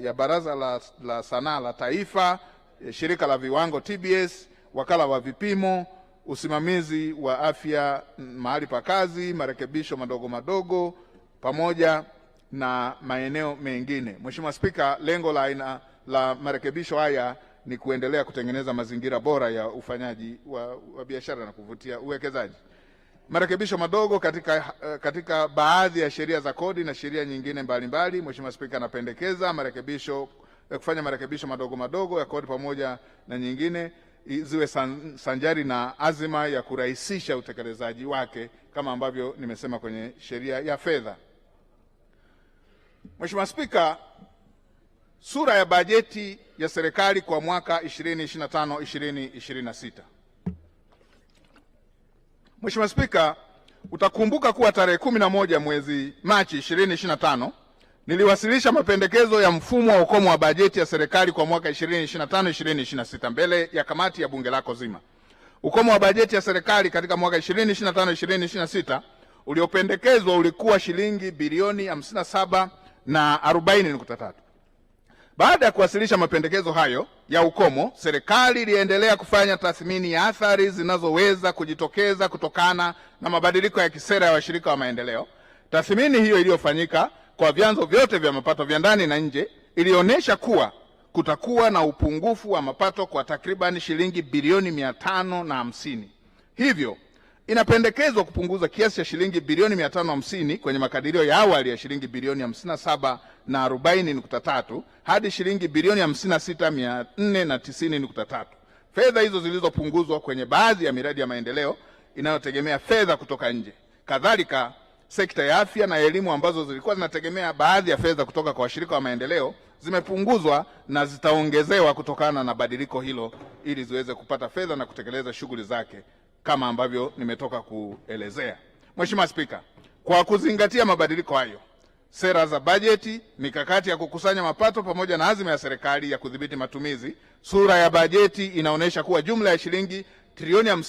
ya Baraza la, la Sanaa la Taifa, eh, Shirika la Viwango TBS, Wakala wa Vipimo, Usimamizi wa Afya mahali pa kazi, marekebisho madogo madogo, pamoja na maeneo mengine. Mheshimiwa Spika, lengo la aina la marekebisho haya ni kuendelea kutengeneza mazingira bora ya ufanyaji wa, wa biashara na kuvutia uwekezaji marekebisho madogo katika, eh, katika baadhi ya sheria za kodi na sheria nyingine mbalimbali. Mheshimiwa Spika, anapendekeza marekebisho eh, kufanya marekebisho madogo madogo ya kodi pamoja na nyingine ziwe san, sanjari na azima ya kurahisisha utekelezaji wake kama ambavyo nimesema kwenye sheria ya fedha. Mheshimiwa Spika, sura ya bajeti ya serikali kwa mwaka 2025 2026 Mheshimiwa Spika, utakumbuka kuwa tarehe kumi na moja mwezi Machi 2025 niliwasilisha mapendekezo ya mfumo wa ukomo wa bajeti ya serikali kwa mwaka 2025 2026 mbele ya kamati ya bunge lako zima. Ukomo wa bajeti ya serikali katika mwaka 2025 2026 uliopendekezwa ulikuwa shilingi bilioni 57 na 40.3. Baada ya kuwasilisha mapendekezo hayo ya ukomo, serikali iliendelea kufanya tathmini ya athari zinazoweza kujitokeza kutokana na mabadiliko ya kisera ya washirika wa maendeleo. Tathmini hiyo iliyofanyika kwa vyanzo vyote vya mapato vya ndani na nje ilionyesha kuwa kutakuwa na upungufu wa mapato kwa takribani shilingi bilioni mia tano na hamsini. Hivyo Inapendekezwa kupunguza kiasi cha shilingi bilioni 550 kwenye makadirio ya awali ya shilingi bilioni 57 na 40.3 hadi shilingi bilioni 56,490.3. Fedha hizo zilizopunguzwa kwenye baadhi ya miradi ya maendeleo inayotegemea fedha kutoka nje. Kadhalika, sekta ya afya na elimu ambazo zilikuwa zinategemea baadhi ya fedha kutoka kwa washirika wa maendeleo zimepunguzwa na zitaongezewa kutokana na badiliko hilo ili ziweze kupata fedha na kutekeleza shughuli zake kama ambavyo nimetoka kuelezea. Mheshimiwa Spika, kwa kuzingatia mabadiliko hayo, sera za bajeti, mikakati ya kukusanya mapato pamoja na azima ya serikali ya kudhibiti matumizi, sura ya bajeti inaonyesha kuwa jumla ya shilingi trilioni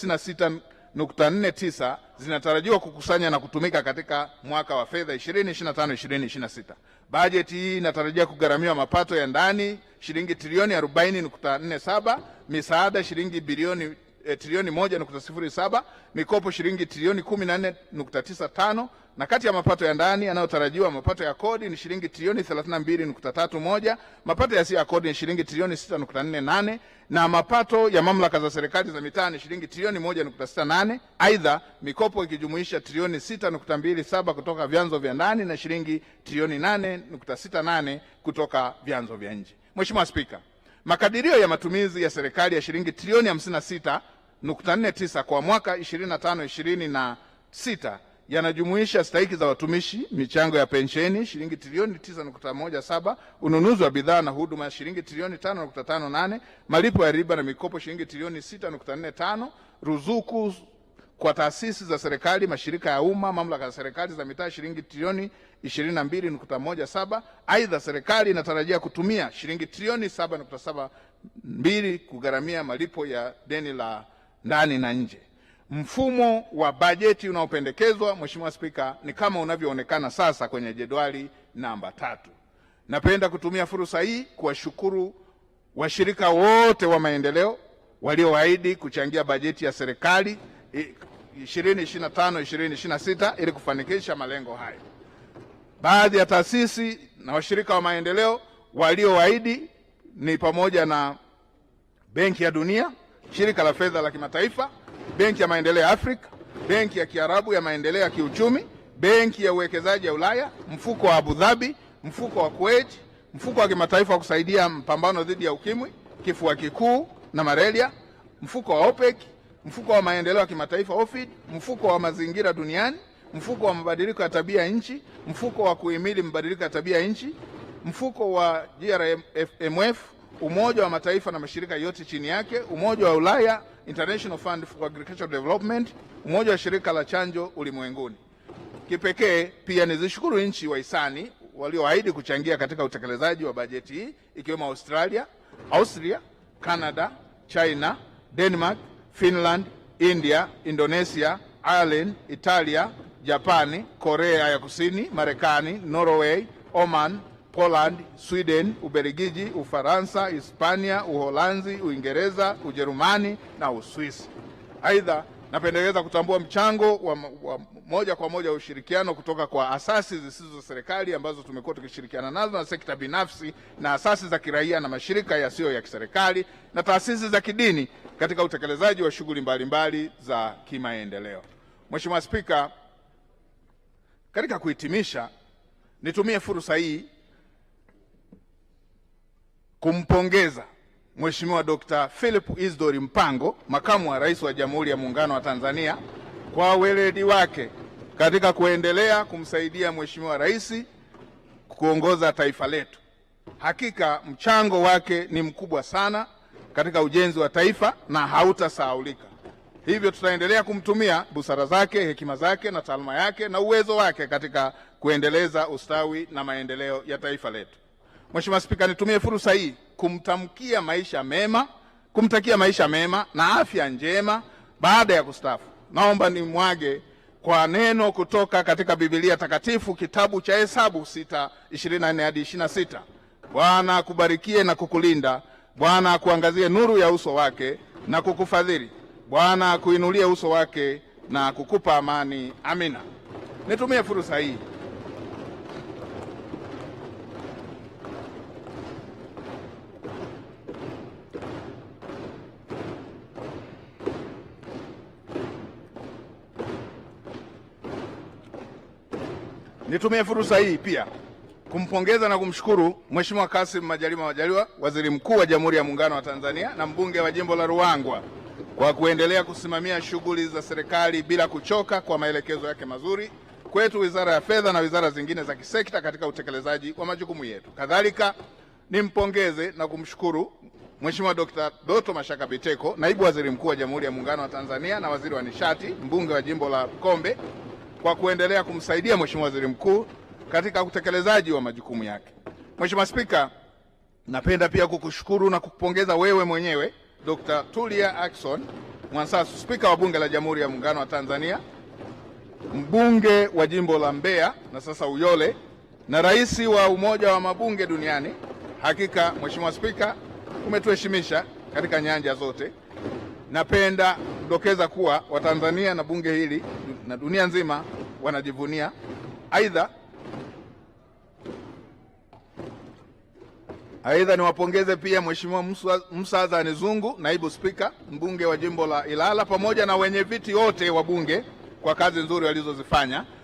tisa zinatarajiwa kukusanya na kutumika katika mwaka wa fedha 2025 2026. Bajeti hii inatarajia kugharamiwa mapato ya ndani shilingi trilioni 40.47, misaada shilingi bilioni e, trilioni moja nukta sifuri saba mikopo shilingi trilioni kumi na nne nukta tisa tano na kati ya mapato ya ndani yanayotarajiwa mapato ya kodi ni shilingi trilioni thelathini na mbili nukta tatu moja mapato yasiyo ya kodi ni shilingi trilioni sita nukta nne nane na mapato ya mamlaka za serikali za mitaa ni shilingi trilioni moja nukta sita nane Aidha, mikopo ikijumuisha trilioni sita nukta mbili saba kutoka vyanzo vya ndani na shilingi trilioni nane nukta sita nane kutoka vyanzo vya nje. Mheshimiwa Spika, makadirio ya matumizi ya serikali ya shilingi trilioni hamsini na sita 9 kwa mwaka 25 26 yanajumuisha stahiki za watumishi, michango ya pensheni shilingi trilioni 9.17, ununuzi wa bidhaa na huduma shilingi trilioni 5.58, malipo ya riba na mikopo shilingi trilioni 6.45, ruzuku kwa taasisi za serikali, mashirika ya umma, mamlaka za serikali za mitaa shilingi trilioni 22.17. Aidha, serikali inatarajia kutumia shilingi trilioni 7.72 kugharamia malipo ya deni la ndani na nje. Mfumo wa bajeti unaopendekezwa Mheshimiwa Spika ni kama unavyoonekana sasa kwenye jedwali namba tatu. Napenda kutumia fursa hii kuwashukuru washirika wote wa maendeleo walioahidi kuchangia bajeti ya serikali 2025 2026 ili kufanikisha malengo hayo Baadhi ya taasisi na washirika wa maendeleo walioahidi ni pamoja na Benki ya Dunia shirika la fedha la kimataifa, benki ya maendeleo ya Afrika, benki ya kiarabu ya maendeleo ya kiuchumi, benki ya uwekezaji ya Ulaya, mfuko wa Abu Dhabi, mfuko wa Kuwait, mfuko wa kimataifa wa kusaidia mpambano dhidi ya ukimwi, kifua kikuu na malaria, mfuko wa OPEC, mfuko wa maendeleo ya kimataifa OFID, mfuko wa mazingira duniani, mfuko wa mabadiliko ya tabia nchi, mfuko wa kuhimili mabadiliko ya tabia nchi, mfuko wa GRMF Umoja wa Mataifa na mashirika yote chini yake, Umoja wa Ulaya, International Fund for Agricultural Development, Umoja wa Shirika la Chanjo Ulimwenguni. Kipekee pia nizishukuru nchi wahisani walioahidi kuchangia katika utekelezaji wa bajeti hii ikiwemo Australia, Austria, Canada, China, Denmark, Finland, India, Indonesia, Ireland, Italia, Japani, Korea ya Kusini, Marekani, Norway, Oman Poland, Sweden, Ubelgiji, Ufaransa, Hispania, Uholanzi, Uingereza, Ujerumani na Uswisi. Aidha, napendekeza kutambua mchango wa, wa moja kwa moja wa ushirikiano kutoka kwa asasi zisizo serikali ambazo tumekuwa tukishirikiana nazo na sekta binafsi na asasi za kiraia na mashirika yasiyo ya kiserikali na taasisi za kidini katika utekelezaji wa shughuli mbalimbali za kimaendeleo. Mheshimiwa Spika, katika kuhitimisha, nitumie fursa hii kumpongeza Mheshimiwa Dkt. Philip Isdori Mpango, makamu wa rais wa Jamhuri ya Muungano wa Tanzania, kwa weledi wake katika kuendelea kumsaidia Mheshimiwa Rais kuongoza taifa letu. Hakika mchango wake ni mkubwa sana katika ujenzi wa taifa na hautasahaulika. Hivyo tutaendelea kumtumia busara zake, hekima zake na taaluma yake na uwezo wake katika kuendeleza ustawi na maendeleo ya taifa letu. Mheshimiwa Spika, nitumie fursa hii kumtamkia maisha mema, kumtakia maisha mema na afya njema baada ya kustaafu. Naomba nimwage kwa neno kutoka katika Biblia Takatifu, kitabu cha Hesabu 6:24 hadi 26. Bwana akubarikie na kukulinda, Bwana akuangazie nuru ya uso wake na kukufadhili, Bwana akuinulie uso wake na kukupa amani. Amina. Nitumie fursa hii Nitumie fursa hii pia kumpongeza na kumshukuru Mheshimiwa Kassim Majaliwa Majaliwa, Waziri Mkuu wa Jamhuri ya Muungano wa Tanzania na mbunge wa jimbo la Ruangwa kwa kuendelea kusimamia shughuli za serikali bila kuchoka kwa maelekezo yake mazuri kwetu Wizara ya Fedha na wizara zingine za kisekta katika utekelezaji wa majukumu yetu. Kadhalika nimpongeze na kumshukuru Mheshimiwa Dr. Doto Mashaka Biteko, Naibu Waziri Mkuu wa Jamhuri ya Muungano wa Tanzania na Waziri wa Nishati, mbunge wa jimbo la Kombe kwa kuendelea kumsaidia Mheshimiwa Waziri Mkuu katika utekelezaji wa majukumu yake. Mheshimiwa Spika, napenda pia kukushukuru na kukupongeza wewe mwenyewe Dr. Tulia Ackson Mwansasu, Spika wa Bunge la Jamhuri ya Muungano wa Tanzania, mbunge wa jimbo la Mbeya na sasa Uyole, na rais wa Umoja wa Mabunge Duniani. Hakika Mheshimiwa Spika, umetuheshimisha katika nyanja zote. Napenda kudokeza kuwa Watanzania na bunge hili na dunia nzima wanajivunia. Aidha, aidha niwapongeze pia Mheshimiwa Musa Azani Zungu, naibu spika, mbunge wa jimbo la Ilala, pamoja na wenyeviti wote wa bunge kwa kazi nzuri walizozifanya.